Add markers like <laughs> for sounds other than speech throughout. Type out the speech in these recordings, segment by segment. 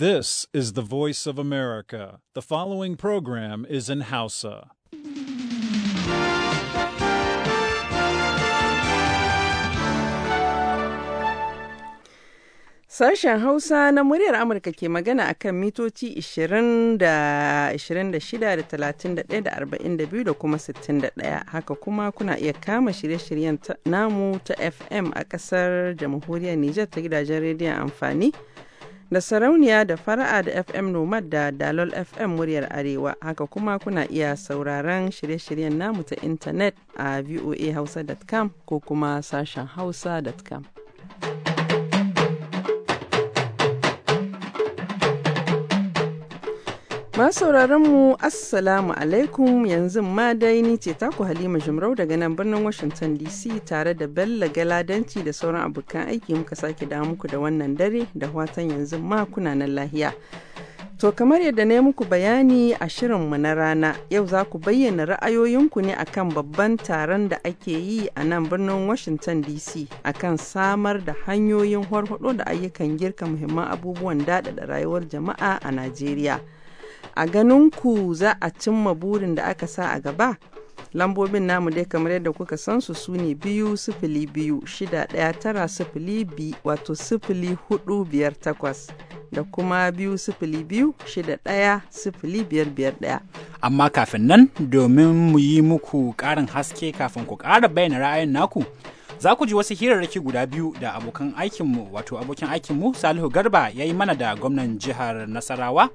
This is the voice of America. The following program is in Hausa. Sashen Hausa na muryar Amurka ke magana a kan mitoci 20 da 26 da 31 da 42 da kuma 61. Haka kuma kuna iya kama shirye-shiryen namu ta FM a ƙasar jamhuriyar Nijar ta gidajen rediyon amfani. da sarauniya da fara'a da fm nomad da dalol fm muryar arewa haka kuma kuna iya sauraron shirye-shiryen namu ta intanet a voahausa.com ko kuma sashen hausa.com sauraron mu assalamu alaikum yanzu ma dai ni ce taku halima jimrau daga nan birnin washington dc tare da bella galadanci da sauran abokan aiki muka sake dawo muku da wannan dare da watan yanzu ma kuna nan lahiya to kamar yadda na yi muku bayani a shirinmu na rana yau za ku bayyana ra'ayoyinku ne akan babban taron da ake yi a nan birnin washington dc akan samar da hanyoyin horhodo da ayyukan girka muhimman abubuwan daɗaɗa rayuwar jama'a a najeriya A ganin ku za a cimma burin da aka sa a gaba? Lambobin namu dai kamar yadda kuka san su su ne biyu sifili biyu shida ɗaya tara sifili bi wato sifili hudu biyar takwas da kuma biyu sifili biyu shida ɗaya sifili biyar biyar ɗaya. Amma kafin nan domin mu yi muku ƙarin haske kafin ku ƙara bayyana ra'ayin naku Za ku ji wasu hirarraki guda biyu da abokan aikinmu wato abokin aikinmu Salihu Garba ya yi mana da gwamnan jihar Nasarawa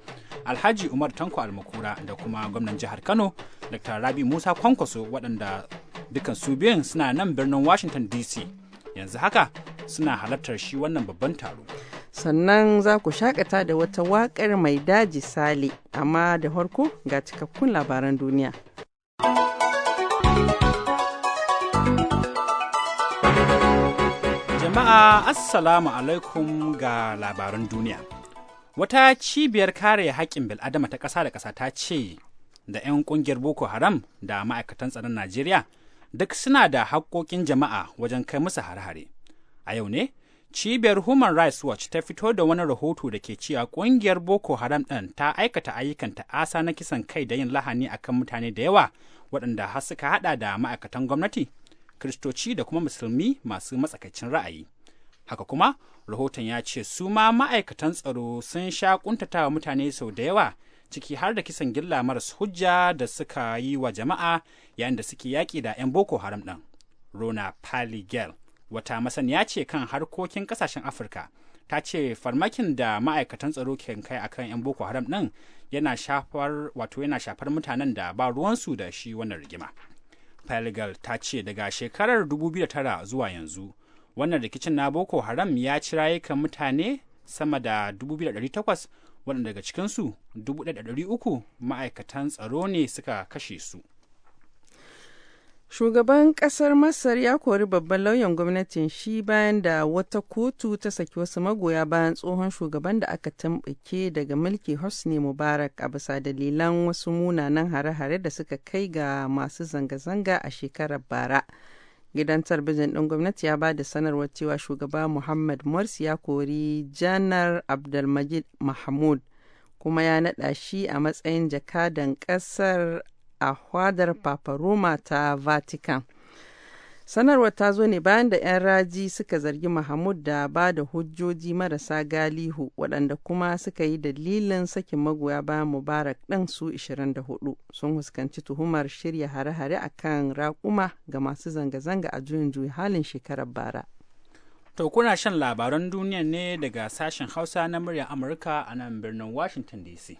Alhaji Umar Tanko Almakura da kuma gwamnan jihar Kano Dr. Rabi Musa Kwankwaso waɗanda dukkan su biyun suna nan birnin Washington DC. Yanzu haka suna halartar shi wannan babban taro. Sannan za ku shakata da wata waƙar mai daji sale amma da farko ga cikakkun labaran duniya. jama'a assalamu alaikum ga labaran duniya wata cibiyar kare haƙƙin bil'adama ta ƙasa da ƙasa ta ce da 'yan ƙungiyar boko haram da ma'aikatan tsaron najeriya duk suna da haƙƙoƙin jama'a wajen kai musu hare-hare a yau ne cibiyar human rights watch ta fito da wani rahoto da ke cewa ƙungiyar boko haram ɗin ta aikata ayyukan ta'asa na kisan kai da yin lahani akan mutane da yawa waɗanda suka haɗa da ma'aikatan gwamnati kristoci da kuma musulmi masu matsakaicin ra'ayi haka kuma rahoton ya ce su ma ma'aikatan tsaro sun sha kuntatawa mutane sau da yawa ciki har da kisan gilla maras hujja da suka yi wa jama'a yayin da suke yaƙi da 'yan boko haram ɗin rona Pali-Gel, wata masaniya ce kan harkokin ƙasashen afirka ta ce farmakin da ma'aikatan tsaro ke kai akan 'yan boko haram ɗin yana wato yana shafar mutanen da ba ruwansu da shi wannan rigima Pelgal ta ce daga shekarar 2009 zuwa yanzu wannan rikicin na Boko Haram ya ci rayukan mutane sama da 2,800 waɗanda daga cikinsu 300 ma'aikatan tsaro ne suka kashe su. Shugaban ƙasar Masar ya kori babban lauyan gwamnatin shi bayan da wata kotu ta saki wasu magoya bayan tsohon shugaban da aka tambake daga mulki Hosni Mubarak a bisa dalilan wasu munanan hare-hare da suka kai ga masu zanga-zanga a shekarar bara. Gidan talbijin ɗin gwamnati ya ba da sanarwar cewa shugaba Muhammad Morsi ya kori Janar Abdulmajid Mahmud kuma ya naɗa shi a matsayin jakadan ƙasar a hwadar Papa Roma ta Vatican. Sanarwar ta zo ne bayan da 'yan raji suka zargi Mahmud da ba da hujjoji marasa galihu waɗanda kuma suka yi dalilin sakin magoya bayan Mubarak ɗin su 24 sun huskanci tuhumar shirya hare-hare a kan raƙuma ga masu zanga-zanga a juyin juyi halin shekarar bara. To kuna shan labaran duniya ne daga sashen Hausa na murya Amurka a nan birnin Washington DC.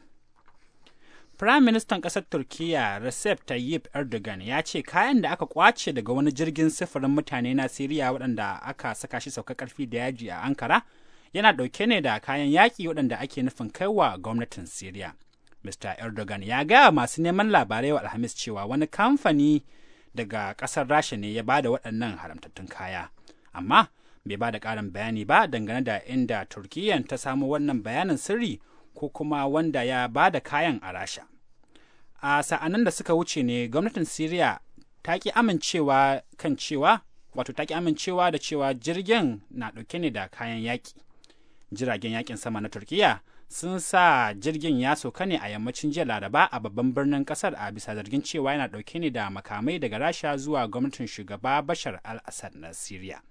Firaministan ƙasar Turkiyya Recep Tayyip Erdogan ya ce kayan da aka kwace daga wani jirgin sufurin mutane na Siriya waɗanda aka saka shi sauka ƙarfi da yaji a Ankara yana ɗauke ne da kayan yaƙi waɗanda ake nufin kai wa gwamnatin Siriya. Mr. Erdogan ya gaya masu neman labarai wa Alhamis cewa wani kamfani daga ƙasar Rasha ne ya bada waɗannan haramtattun kaya. Amma bai bada ƙarin bayani ba dangane da inda Turkiyyan ta samo wannan bayanin sirri ko kuma wanda ya ba da kayan a rasha a sa'anan da suka wuce ne gwamnatin syria ta ki amincewa kan cewa wato ta ki amincewa da cewa jirgin na ɗauke ne da kayan yaƙi jiragen yaƙin sama na turkiyya sun sa jirgin ya soka ne a yammacin jiya laraba a babban birnin kasar a bisa zargin cewa yana ɗauke ne da makamai daga rasha zuwa gwamnatin shugaba bashar al-assad na syria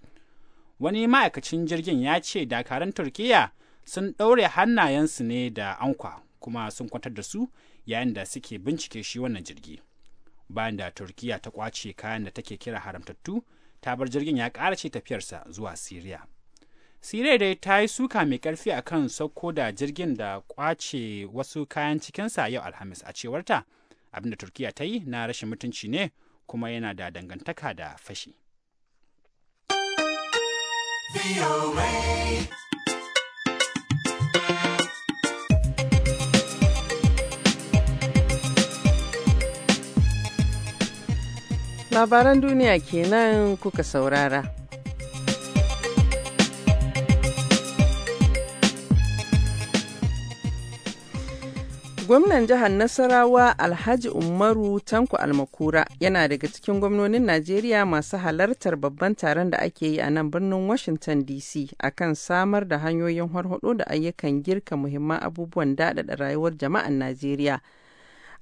wani ma'aikacin jirgin ya ce dakarun turkiyya. sun ɗaure hannayensu ne da ankwa kuma sun kwantar da su yayin da suke bincike shi wannan jirgi bayan da turkiya ta kwace kayan da take kira haramtattu ta bar jirgin ya ƙara ce tafiyarsa zuwa siriya siriya dai ta yi suka mai ƙarfi a kan sauko da jirgin da kwace wasu kayan cikinsa yau alhamis a cewarta abinda turkiya ta yi na rashin mutunci ne kuma yana da dangantaka da fashi. Labaran duniya kenan kuka saurara. Gwamnan jihar Nasarawa Alhaji Umaru Tanko Almakura yana daga cikin gwamnonin Najeriya masu halartar babban taron da ake yi a nan birnin Washington DC akan samar da hanyoyin harhaɗo da ayyukan girka muhimman abubuwan daɗaɗa rayuwar jama'an Najeriya.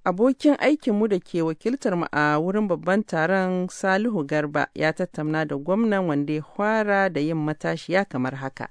Abokin aikinmu da ke wakiltar mu a wurin babban taron Salihu Garba ya tattauna da gwamnan wanda ya fara da yin matashiya kamar haka.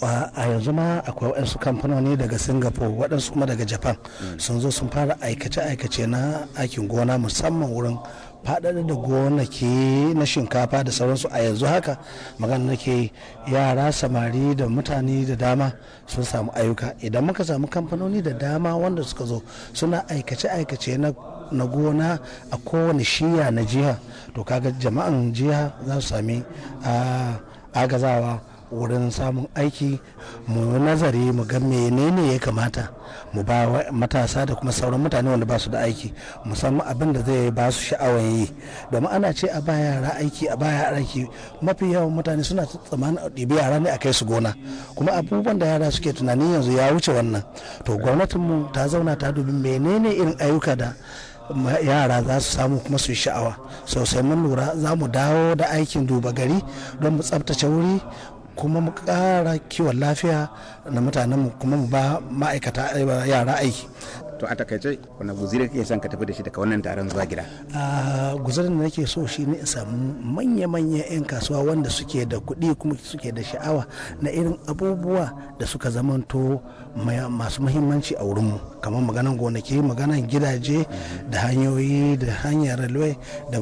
a yanzu ma akwai waɗansu kamfanoni daga singapore waɗansu kuma daga japan sun zo sun fara aikace-aikace na aikin gona musamman wurin faɗaɗa da gonaki na shinkafa da sauransu a yanzu haka magana ke yara samari da mutane da dama sun samu ayyuka idan muka samu kamfanoni da dama wanda suka zo suna aikace-aikace na gona a kowane shiya na jiha to kaga jama'an jiha za su sami ah, agazawa wurin samun aiki mu nazari mu ga menene ya kamata mu ba matasa da kuma sauran mutane wanda ba su da aiki musamman abin da zai ba su sha'awar yi domin ana ce a ba yara aiki a ba yara aiki mafi yawan mutane suna tsammanin a ɗibi yara ne a kai su gona kuma abubuwan da yara suke tunanin yanzu ya wuce wannan to gwamnatin mu ta zauna ta dubi menene irin ayyuka da yara za su samu kuma su yi sha'awa sosai mun lura za mu dawo da aikin duba gari don mu tsabtace wuri kuma mu ƙara kiwon lafiya na mutanenmu kuma mu ba ma'aikata eh, yara aiki to a takaice wani kake son ka tafi da shi daga wannan taron zuwa gida guzirin da nake so shi ne samu manya-manya 'yan kasuwa wanda suke da kuɗi kuma suke da sha'awa na irin abubuwa da suka zamanto masu muhimmanci a wurin mu kamar maganan gonaki maganan gidaje da hanyoyi da hanyar railway da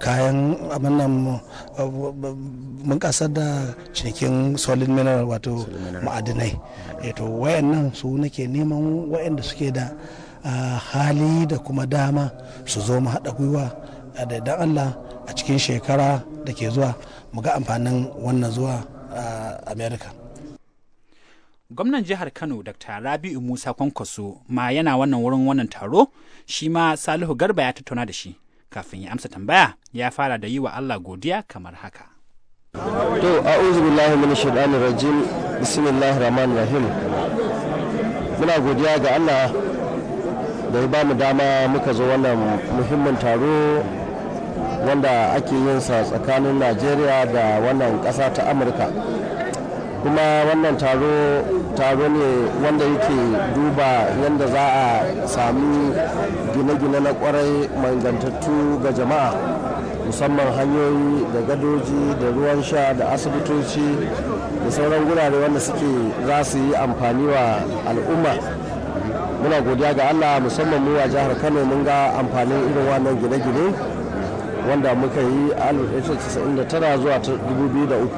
kayan abannan mun kasar da cinikin solid mineral wato ma'adinai Eh, to wayannan su nake neman wayanda suke da ah, hali da kuma dama su zo mu haɗa gwiwa ah, da dan Allah a cikin shekara da ke zuwa mu ga amfanin wannan zuwa ah, America. gwamnan jihar kano dr rabi'u musa kwankwaso ma yana wannan wurin wannan taro shi ma salihu garba ya tattauna da shi kafin ya amsa tambaya ya fara da yi wa allah godiya kamar haka to a'udhu billahi minash shaitanir rajim bismillah rahman rahim muna godiya ga allah da ya ba mu dama muka zo wannan muhimmin taro wanda ake yin sa tsakanin najeriya da wannan ƙasa ta amurka kuma wannan taro taro ne wanda yake duba yadda za a sami gine-gine na kwarai mangantattu ga jama'a musamman hanyoyi da gadoji da ruwan sha da asibitoci da sauran gurare wanda suke za su yi amfani wa al'umma muna godiya ga allah musamman mu a jihar kano mun ga amfanin irin wannan gine-gine wanda muka yi a 1999 zuwa 2003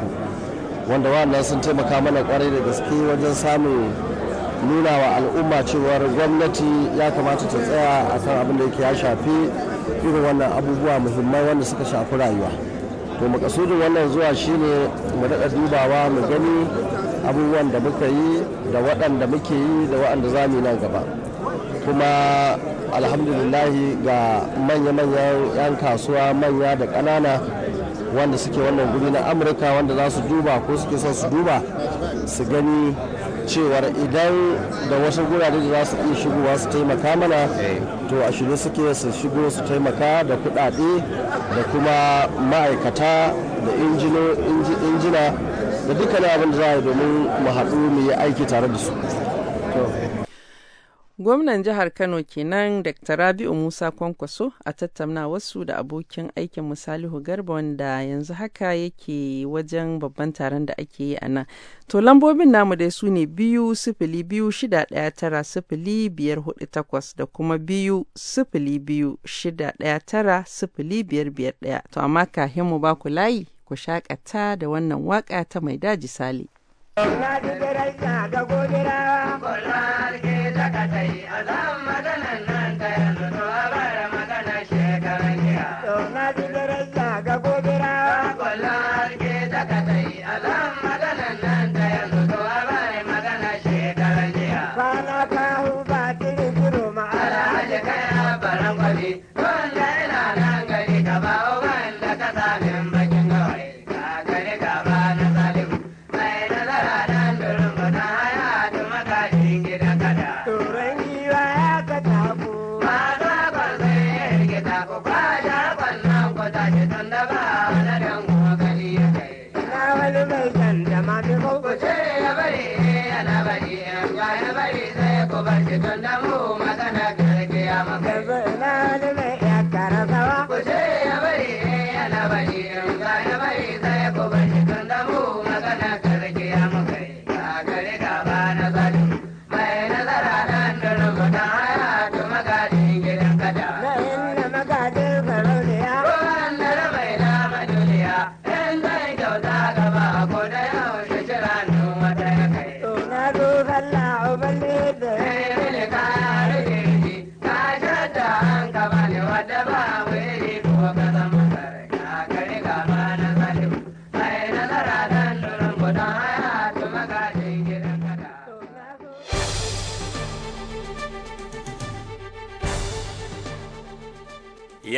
wanda wannan sun taimaka mana kwarai da gaske wajen samun nuna wa al'umma cewar gwamnati ya kamata ta tsaya kan abin da yake ya shafi irin wannan abubuwa muhimmai wanda suka shafi rayuwa to makasudin wannan zuwa shine mu daɗa dubawa mu gani abubuwan da muka yi da waɗanda muke yi da waɗanda za mu yi nan gaba kuma alhamdulillah ga manya-manyan 'yan kasuwa manya da ƙanana wanda suke wannan guri na amurka wanda za su duba ko suke son su duba su gani cewar idan da wasu gurare da za su iya shigowa su taimaka mana eh. to a shirye suke su shigo su taimaka da kuɗaɗe da kuma ma'aikata da injina da dukkan abin da za a yi domin mu haɗu mu yi aiki tare da su Gwamnan jihar Kano kenan Dr. Rabi'u Musa Kwankwaso a tattauna wasu da abokin aikin salihu Garba wanda yanzu haka yake wajen babban taron da ake yi a nan. To lambobin namu dai su ne biyu sifili biyu shida ɗaya tara sifili biyar hudu takwas da kuma biyu sifili biyu shida ɗaya tara sifili biyar biyar ɗaya. To amma kahin mu ba ku layi ku shakata da wannan waka ta mai daji sali. ta kai azaba bari in ya bari sai ku bar shi tun da mu magana gaskiya mun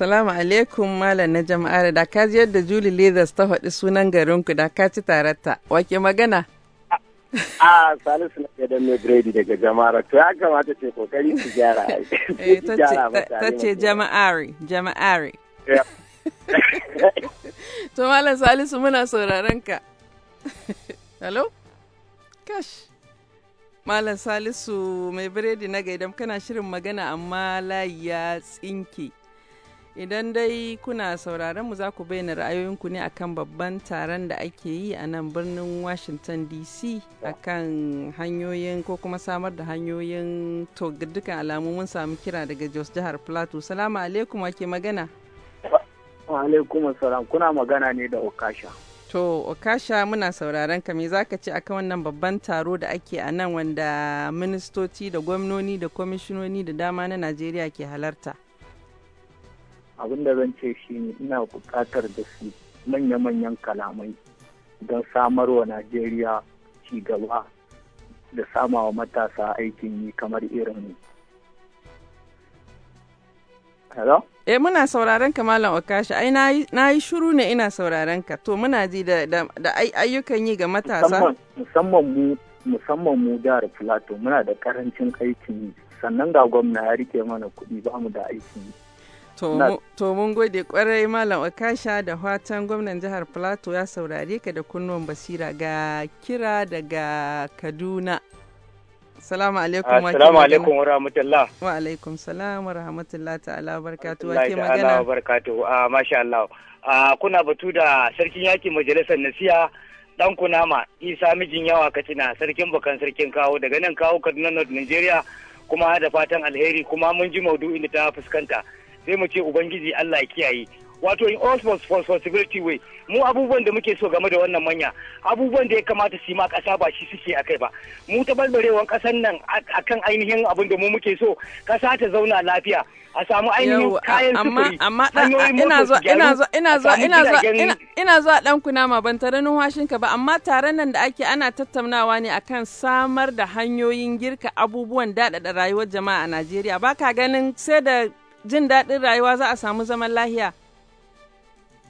Assalamu alaikum Malam na jama'ar da ka ji yadda Julie Leathers ta faɗi sunan garinku da ka ci tararta. Wake magana? A Salisu na gadon mai grade daga jama'ar. To ya kamata <laughs> eh, ce kokari su gyara. Ta ce jama'ari, jama'ari. <laughs> To Malam Salisu muna sauraron ka. <laughs> Hello? Kash. Malam Salisu mai biredi na gaidam kana shirin magana amma layi ya tsinke. Idan dai kuna sauraron mu za ku bayyana ra'ayoyinku ne akan babban taron da ake yi a nan birnin Washington DC akan hanyoyin ko kuma samar da hanyoyin to dukkan alamu mun samu kira daga Jos jihar Plateau. Salamu alaikum ake magana. Wa alaikum salam kuna magana ne da Okasha. To, Okasha muna sauraron ka me za ka ce akan wannan babban taro da ake a nan wanda ministoci da gwamnoni da kwamishinoni da dama na Najeriya ke halarta? abin da zan ce shi ne ina buƙatar da su manya-manyan kalamai don samarwa najeriya ci gaba da samawa matasa aikin yi kamar irin Hello? Eh muna sauraron ka Malam Okashi, ai na yi shuru ne ina sauraron ka, to muna ji da, ayyukan yi ga matasa. Musamman mu musamman mu jihar Filato muna da karancin aikin yi, sannan ga gwamna ya rike mana kuɗi ba mu da aikin yi. To mun gode kwarai Malam Okasha da fatan gwamnan jihar Plateau ya saurare ka da kunnuwan basira ga kira daga Kaduna. Salamu alaikum wa Salamu alaikum wa rahmatullah. Wa alaikum salam wa rahmatullah ta'ala barkatu wa ke magana. Allah barkatu. Ah masha Allah. Ah, kuna batu da sarkin yaki majalisar nasiya dan kunama Isa mijin yawa Katsina sarkin bakan sarkin kawo daga nan kawo Kaduna North Nigeria kuma da fatan alheri kuma mun ji maudu'in da ta fuskanta. sai mu ce ubangiji Allah ya kiyaye wato in all responsibility way mu abubuwan da muke so game da wannan manya abubuwan da ya kamata su ma kasa ba shi suke akai ba mu tabarbarewan kasan nan akan ainihin abin da mu muke so kasa ta zauna lafiya a samu ainihin kayan sufuri amma ina zo ina zuwa ina zuwa ina zuwa ina zuwa dan ma ban tare numfashin ka ba amma taron nan da ake ana tattaunawa ne akan samar da hanyoyin girka abubuwan daɗaɗa rayuwar jama'a a Najeriya baka ganin sai da jin daɗin rayuwa za a samu zaman lahiya.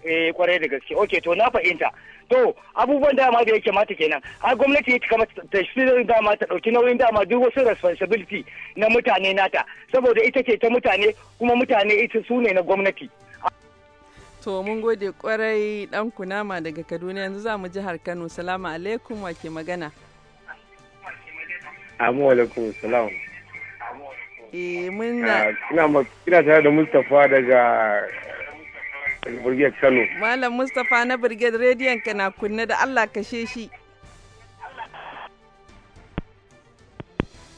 Eh kwarai da gaske. Oke, to na fahimta. To abubuwan dama da yake mata kenan. Har gwamnati ta kama ta shirin dama ta ɗauki nauyin dama duk wasu responsibility na mutane nata. Saboda ita ce ta mutane kuma mutane ita su na gwamnati. To mun gode kwarai ɗan kunama daga Kaduna yanzu za mu jihar Kano. Salamu alaikum wa ke magana. Amu alaikum salamu. Eh, eh muna. Kina ah, tare da Mustapha daga Burgiyar Kano. Malam Mustapha na Burgiyar rediyon ka na kunne da Allah kashe shi.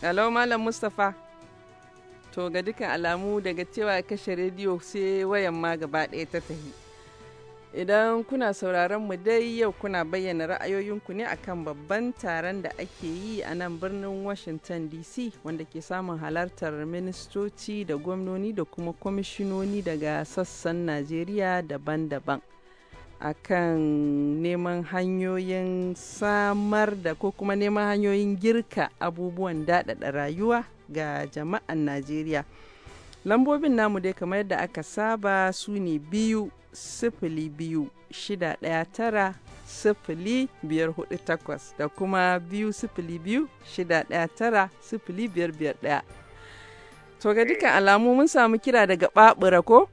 Hello Malam Mustapha. To ga dukan alamu daga cewa kashe rediyo sai wayan ma gaba ɗaya ta tafi. Idan kuna sauraron mu dai yau kuna bayyana ra'ayoyinku ne akan babban taron da ake yi a nan birnin Washington DC wanda ke samun halartar ministoci da gwamnoni da kuma kwamishinoni daga sassan Najeriya daban-daban. akan neman hanyoyin samar da ko kuma neman hanyoyin girka abubuwan daɗaɗa rayuwa ga jama'an Najeriya. Lambobin namu dai kamar yadda aka saba su ne biyu sifili biyu shida ɗaya tara sifili biyar takwas da kuma biyu sifili biyu shida ɗaya tara sifili To ga dukkan eh. alamu mun samu kira daga babura ko?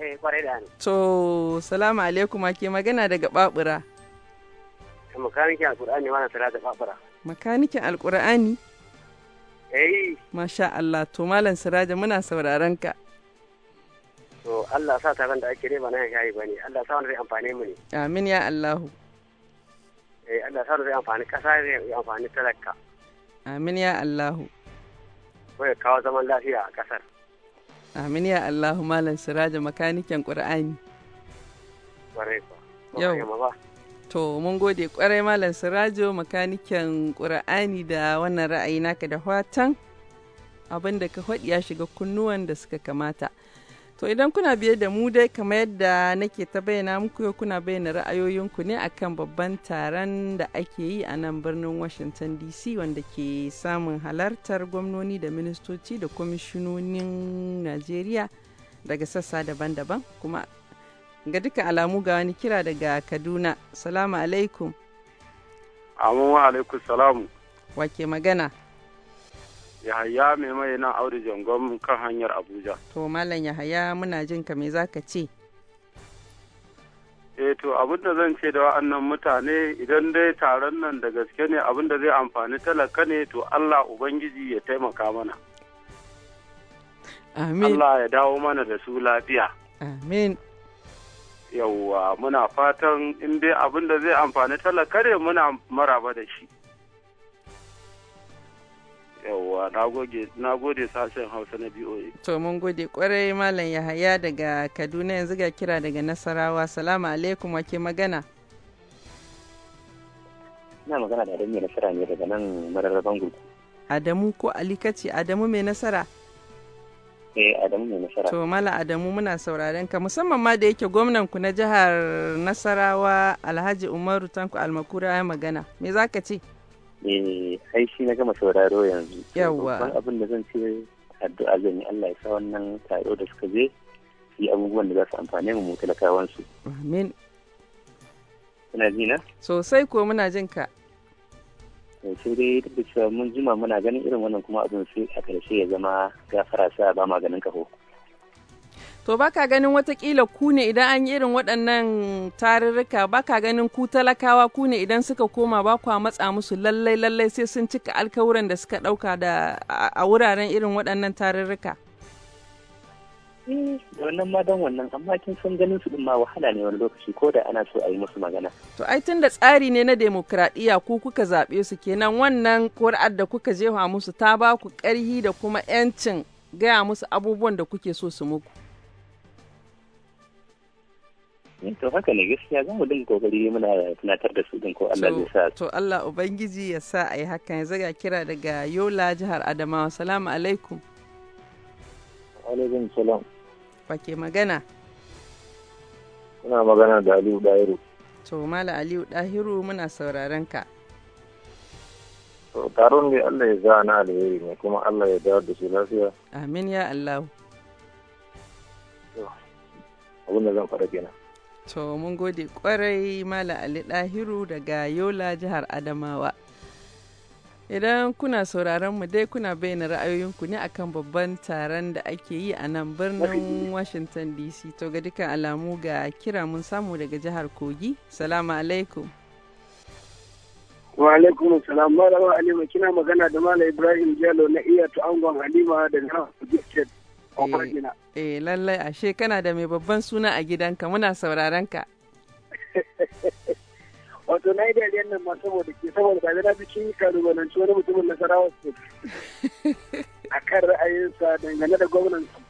Eh, da To, salamu alaikum ake magana daga Makanikin wani da Babura. Makanikin Eh. Masha Allah, to Malam Siraja muna sauraron ka. to Allah sa ta da ake nema na ba bane Allah sa wani zai amfane mu ne amin ya Allahu eh Allah sa wani zai amfani kasa zai amfani talaka amin ya Allahu ko ya kawo zaman lafiya a kasar amin ya Allahu malam Siraja makanikin Qur'ani ba yau to mun gode kwarai malam Sirajo makanikin ƙura'ani da wannan ra'ayi naka da fatan abin da ka haɗi ya shiga kunnuwan da suka kamata. To idan kuna biye da mu dai kamar yadda nake ta bayyana muku yau kuna bayyana ra'ayoyinku ne akan babban taron da ake yi a nan birnin Washington DC wanda ke samun halartar gwamnoni da ministoci da kwamishinonin Najeriya daga sassa daban-daban kuma ga duka alamu ga wani kira daga Kaduna. Salamu alaikum. Amma wa alaikum salamu. Wake magana. Yahaya mai mai na Audu Jangon kan hanyar Abuja. To Malam Yahaya muna jin ka me ka ce? E to abin da zan ce da wa'annan mutane idan dai taron nan da gaske ne abin da zai amfani talaka ne to Allah Ubangiji ya taimaka mana. Amin. Allah ya dawo mana da su lafiya. Amin. Yawwa muna fatan in dai abin da zai amfani talaka ne muna maraba da shi. yawwa na gode sashen hausa na boa to mun gode kwarai malam yahaya daga kaduna yanzu ga kira daga nasarawa salamu alaikum wake magana ina magana da adamu mai nasara ne daga nan mararraban gurgu adamu ko ali adamu mai nasara eh adamu mai nasara to mala adamu muna sauraren ka musamman ma da yake gwamnan ku na jihar nasarawa alhaji umaru tanku almakura ya magana me zaka ce eh sai shi na gama sauraro yanzu yawa abin da zan ce addu'a zan yi Allah ya sa wannan taro da suka je yi abubuwan da za su amfane mu talakawan su amin kuna ji na sosai ko muna jin ka eh, sai dai duk da cewa mun jima muna ganin irin wannan kuma abin sai a karshe ya zama gafara sa ba maganin ganin kaho To baka ganin watakila ku ne idan an yi irin waɗannan tarurruka baka ganin ku talakawa ku ne idan suka koma ba kwa matsa musu lallai lallai sai sun cika alkawuran da suka ɗauka da a wuraren irin waɗannan tarurruka. Eh, wannan ma don wannan amma kin san ganin su ma wahala ne wani lokaci ko da ana so a yi musu magana. To ai tun da tsari ne na demokradiyya ku kuka zaɓe su kenan wannan kuri'ar da kuka jefa musu ta ba ku ƙarhi da kuma 'yancin gaya musu abubuwan da kuke so su muku. to haka ne gaskiya zan mu dinga kokari muna tunatar da su din ko Allah zai sa to Allah ubangiji ya sa ai hakan ya zaga kira daga Yola jihar Adamawa salamu alaikum Wa alaikum salam wake magana Muna magana da Aliyu Dahiru to mala Aliyu Dahiru muna sauraron ka to taron ne Allah ya za na alheri ne kuma Allah ya dawo da su lafiya amin ya Allah abin da zan fara kenan To mun gode kwarai Malam Ali Dahiru daga Yola jihar Adamawa. Idan kuna sauraron mu dai kuna bayyana ra'ayoyinku ne akan babban taron da ake yi a nan birnin Washington DC. To ga dukkan alamu ga kira mun samu daga jihar Kogi. Salamu alaikum. Wa alaikum salam Malama kina magana da Malam Ibrahim Jalo na iya angon Halima da na Eh, eh lallai ashe kana da mai babban suna a gidanka muna sauraron ka. <laughs> Wato na yi da nan ma saboda ke saboda ba na bikin kalubalanci wani mutumin sarawa su a <laughs> kan ra'ayinsa dangane da gwamnan su.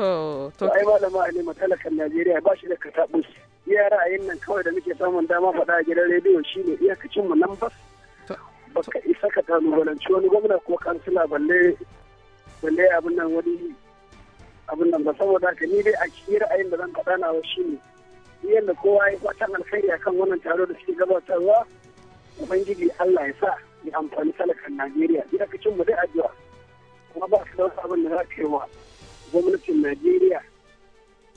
To, to. Ai da Ali matalakan Najeriya ba shi da katabus. Iya ra'ayin nan kawai da muke samun dama faɗa a gidan rediyo ne iyakacin mu nan ba Baka isa ka kalubalanci wani gwamna ko kansila balle balle abin nan wani abin nan ba saboda ka ni dai a cikin ra'ayin da zan faɗa nawa ne yadda kowa ya fatan alkhairi akan wannan taro da suke gabatarwa ubangiji Allah ya sa ya amfani talakan Najeriya bi ka cin mu dai addu'a kuma ba su da abin da za ka yi wa gwamnatin Najeriya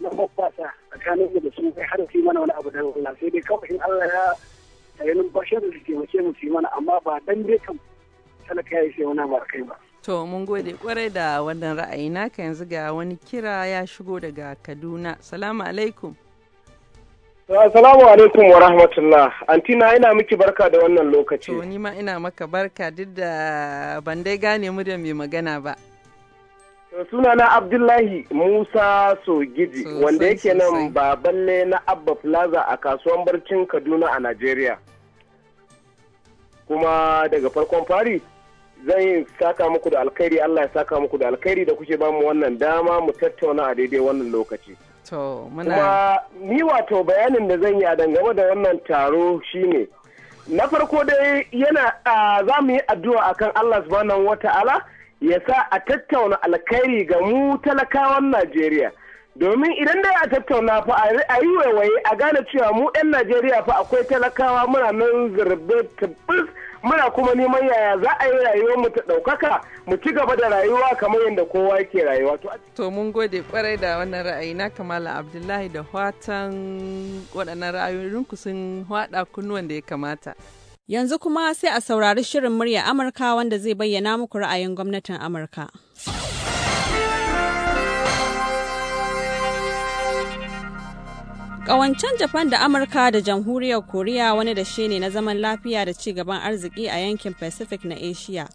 na hoppasa a kanin da sun kai har su mana wani abu da Allah sai dai kawai in Allah ya yayin numfashin da su taimake mu su yi mana amma ba dan dai kan talaka ya yi sai wani ba kai ba. To mun gode kwarai da wannan ra'ayi naka yanzu ga wani kira ya shigo daga Kaduna. Salamu alaikum. Assalamu uh, alaikum wa rahmatullah. Antina ina miki barka da wannan lokaci. To ni ma ina maka barka duk da ban dai gane mu da mai magana ba. sunana abdullahi musa Sogidi, wanda yake nan baballe na abba plaza a kasuwan barcin kaduna a Najeriya. kuma daga farkon fari zan yi saka muku da alkhairi Allah ya saka muku da alkhairi da kuke bamu wannan dama mu tattauna a daidai wannan lokaci. To, muna... Kuma ni wato bayanin da zan yi a dangane da wannan taro shine na farko dai yana za mu yi addu'a akan Allah subhanahu wata'ala ya sa a tattauna alkhairi ga mu talakawan Najeriya. Domin idan dai a tattauna fa a yi waiwaye a gane cewa mu 'yan Najeriya fa akwai talakawa muna nan zirbe tabbas muna kuma neman yaya za a yi rayuwar mu ta ɗaukaka mu ci gaba da rayuwa kamar yadda kowa yake rayuwa. To mun gode kwarai da wannan ra'ayi na Kamala Abdullahi da watan waɗannan ku sun haɗa kunnuwan da ya kamata. Yanzu kuma sai a saurari shirin murya Amurka wanda zai bayyana muku ra'ayin gwamnatin Amurka. Ƙawancen Japan da Amurka da Jamhuriyar Koriya wani da shi ne na zaman lafiya da ci gaban arziki a yankin Pacific na Asia.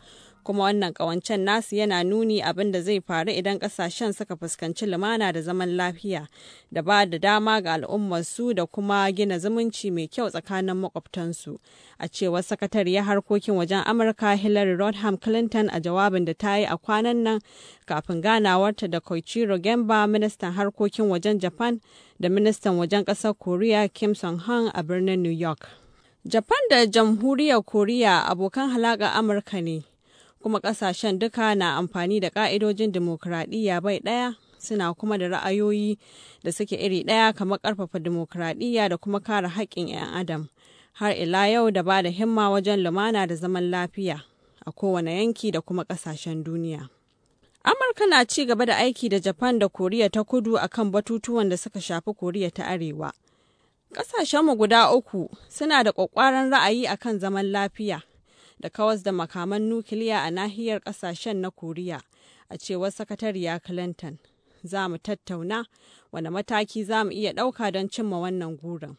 kuma wannan kawancen nasu yana nuni abin da zai faru idan kasashen suka fuskanci lumana da zaman lafiya da ba da dama ga al'ummarsu da kuma gina zumunci mai kyau tsakanin makwabtansu a cewar sakatariyar harkokin wajen amurka hillary rodham clinton a jawabin da ta yi a kwanan nan kafin ganawarta da koichiro gemba ministan harkokin wajen japan da ministan wajen ƙasar korea kim song han a birnin new york japan da jamhuriyar koriya abokan halaƙa amurka ne kuma ƙasashen duka na amfani da ƙa'idojin dimokuraɗiyya bai ɗaya suna kuma da ra'ayoyi da suke iri ɗaya kamar ƙarfafa dimokuraɗiyya da kuma kare haƙƙin 'yan adam har ila yau da ba da himma wajen lumana da zaman lafiya a kowane yanki da kuma ƙasashen duniya. Amurka na ci gaba da aiki da Japan da Koriya ta kudu akan batutuwan da suka shafi Koriya ta Arewa. Ƙasashenmu guda uku suna da ƙwaƙwaran ra'ayi akan zaman lafiya da kawas da makaman nukiliya a nahiyar kasashen na koriya a cewar sakatariya clinton za mu tattauna wani mataki za mu iya ɗauka don cimma wannan gurin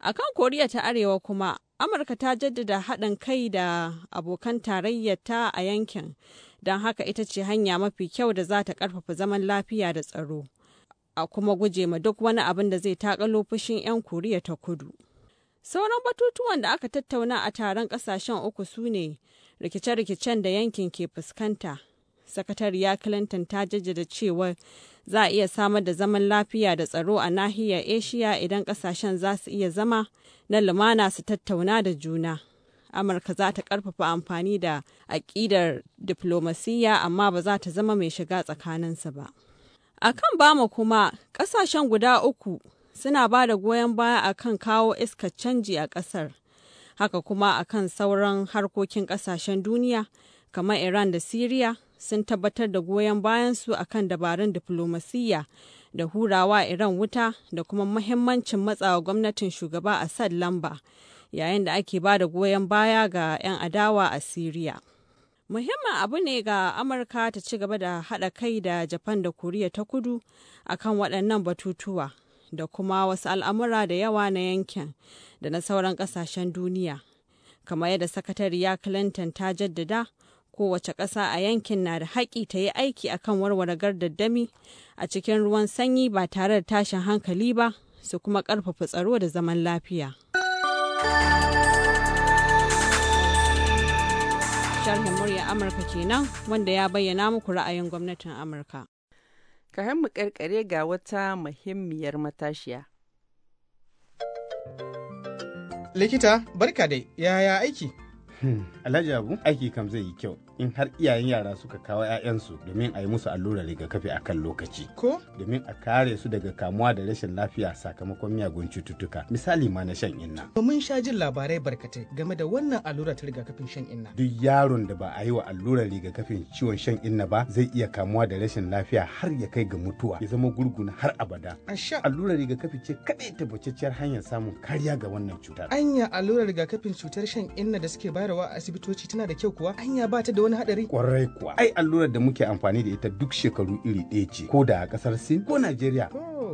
a kan koriya ta arewa kuma amurka ta jaddada haɗin kai da abokan tarayyarta a yankin don haka ita ce hanya mafi kyau da za ta ƙarfafa zaman lafiya da tsaro a kuma guje ma duk wani abin da zai takalo fushin 'yan koriya ta kudu Sauran batutuwan da aka tattauna a taron kasashen uku su ne rikice-rikicen da yankin ke fuskanta. Sakatariya Clinton ta jajjada cewa za a iya samar da zaman lafiya da tsaro a nahiyar Asia idan kasashen za su iya zama na lumana su tattauna da juna. Amurka za ta karfafa amfani da aƙidar diflomasiyya amma ba za ta zama mai shiga tsakaninsa ba. A kan Bama kuma, ƙasashen guda uku suna ba da goyon baya a kan kawo iskar canji a ƙasar, haka kuma a kan sauran harkokin ƙasashen duniya kamar Iran da Syria sun tabbatar da goyon bayansu a kan dabarun diflomasiyya da hurawa Iran wuta da kuma mahimmancin matsawa gwamnatin shugaba Assad lamba yayin da ake ba da goyon baya ga 'yan adawa a Syria. Muhimman abu ne ga Amurka ta ci gaba da haɗa kai da Japan da Koriya ta kudu akan waɗannan batutuwa da kuma wasu al'amura da yawa na yankin da na sauran ƙasashen duniya. Kamar yadda sakatariya Clinton ta jaddada, kowace ƙasa a yankin na da haƙƙi ta yi aiki a kan warware gardaddami a cikin ruwan sanyi ba tare da tashin hankali ba su kuma ƙarfafa tsaro da zaman lafiya. Sharhin murya Amurka kenan wanda ya bayyana muku ra'ayin gwamnatin Amurka. Kayan mu ƙarƙare ga wata muhimmiyar matashiya. Likita, barka dai, yaya aiki? Hmm, Alhaji Abu, aiki kam zai yi kyau. in har iyayen yara suka kawo 'ya'yansu domin a yi musu allurar rigakafi a kan lokaci. Ko? Domin a kare su daga kamuwa da rashin lafiya sakamakon miyagun cututtuka. Misali ma na shan inna. Mun sha jin labarai barkatai game da wannan allurar ta rigakafin shan inna. Duk yaron da ba a yi wa allurar rigakafin ciwon shan inna ba zai iya kamuwa da rashin lafiya har ya kai ga mutuwa ya zama gurguna har abada. sha Allurar rigakafi ce kaɗai tabbatacciyar hanyar samun kariya ga wannan cutar. Anya allurar rigakafin cutar shan inna da suke bayarwa a asibitoci tana da kyau kuwa? Anya ba ta da wani hadari? Kwarai kuwa. Ai allurar da muke amfani da ita duk shekaru iri ɗaya ce ko da kasar Sin ko Najeriya.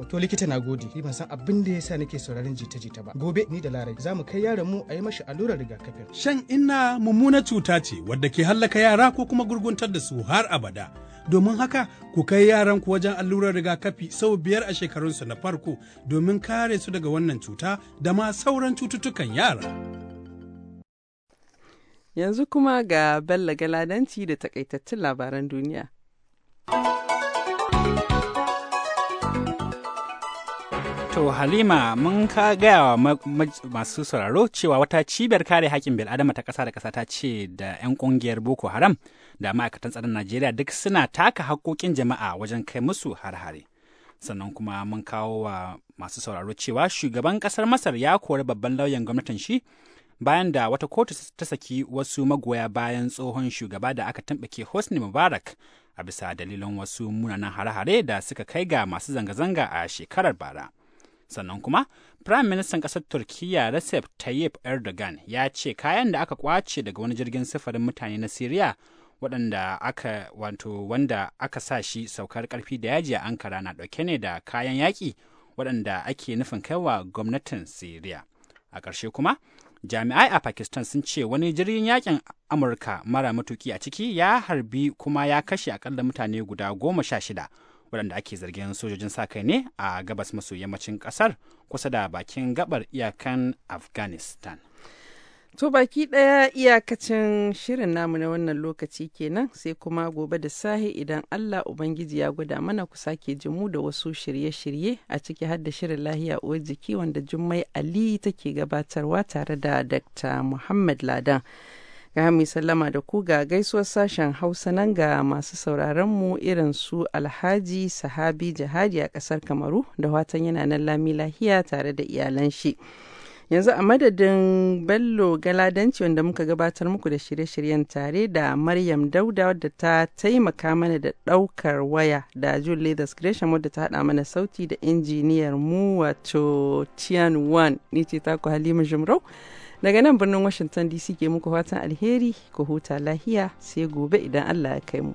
To likita na gode. Ni ban san abin da yasa nake sauraron jita-jita ba. Gobe ni da Larai za mu kai yaran mu a yi mashi allurar rigakafin. Shan inna mummuna cuta ce wadda ke hallaka yara ko kuma gurguntar da su har abada. Domin haka ku kai yaran ku wajen allurar rigakafi sau biyar a shekarunsu na farko domin kare su daga wannan cuta da ma sauran cututtukan yara. Yanzu kuma ga Bello Galadanci da takaitattun labaran duniya. To Halima mun ka gaya wa masu sauraro cewa wata cibiyar kare haƙƙin bil'adama ta ƙasa da ƙasa ta ce da 'yan ƙungiyar Boko Haram da ma'aikatan tsaron Najeriya duk suna taka haƙoƙin jama'a wajen kai musu har-hare. sannan kuma mun kawo wa masu sauraro cewa shugaban ƙasar masar ya kori babban lauyan gwamnatin shi bayan da wata kotu ta saki wasu magoya bayan tsohon shugaba da aka tambake Hosni Mubarak a bisa dalilan wasu munanan hare-hare da suka kai ga masu zanga-zanga a shekarar bara. Sannan kuma, Prime Minister ƙasar Turkiyya Recep Tayyip Erdogan ya ce kayan da aka kwace daga wani jirgin sufurin mutane na Siriya waɗanda aka wato wanda aka sa shi saukar karfi da yaji a Ankara na ɗauke ne da kayan yaƙi waɗanda ake nufin kaiwa gwamnatin Siriya. A ƙarshe kuma, jami'ai a pakistan sun ce wani jirgin yakin amurka mara matuki a ciki ya harbi kuma ya kashe akalla mutane guda goma sha shida waɗanda ake zargin sojojin sa kai ne a gabas maso yammacin ƙasar kusa da bakin gabar iyakan afghanistan To baki ɗaya iyakacin shirin namu na wannan lokaci kenan sai kuma gobe da sahi idan Allah Ubangiji ya gwada mana ku sake jimu da wasu shirye-shirye a ciki har da shirin lahiya uwar jiki wanda Jummai Ali take gabatarwa tare da Dr. Muhammad Ladan. Ga mai sallama da ku ga gaisuwar sashen Hausa nan ga masu sauraron mu irin su Alhaji Sahabi Jihadi a ƙasar Kamaru da watan yana nan lami lahiya tare da iyalan shi. yanzu a madadin bello galadanci wanda muka gabatar muku da shirye-shiryen tare da maryam dauda wadda ta taimaka mana da daukar waya da jule leathers gresham wadda ta hada mana sauti da injiniyar mu wato tian wan ni ce taku halima jimrau daga nan birnin washington dc ke muku fatan alheri ku huta lahiya sai gobe idan allah ya kai mu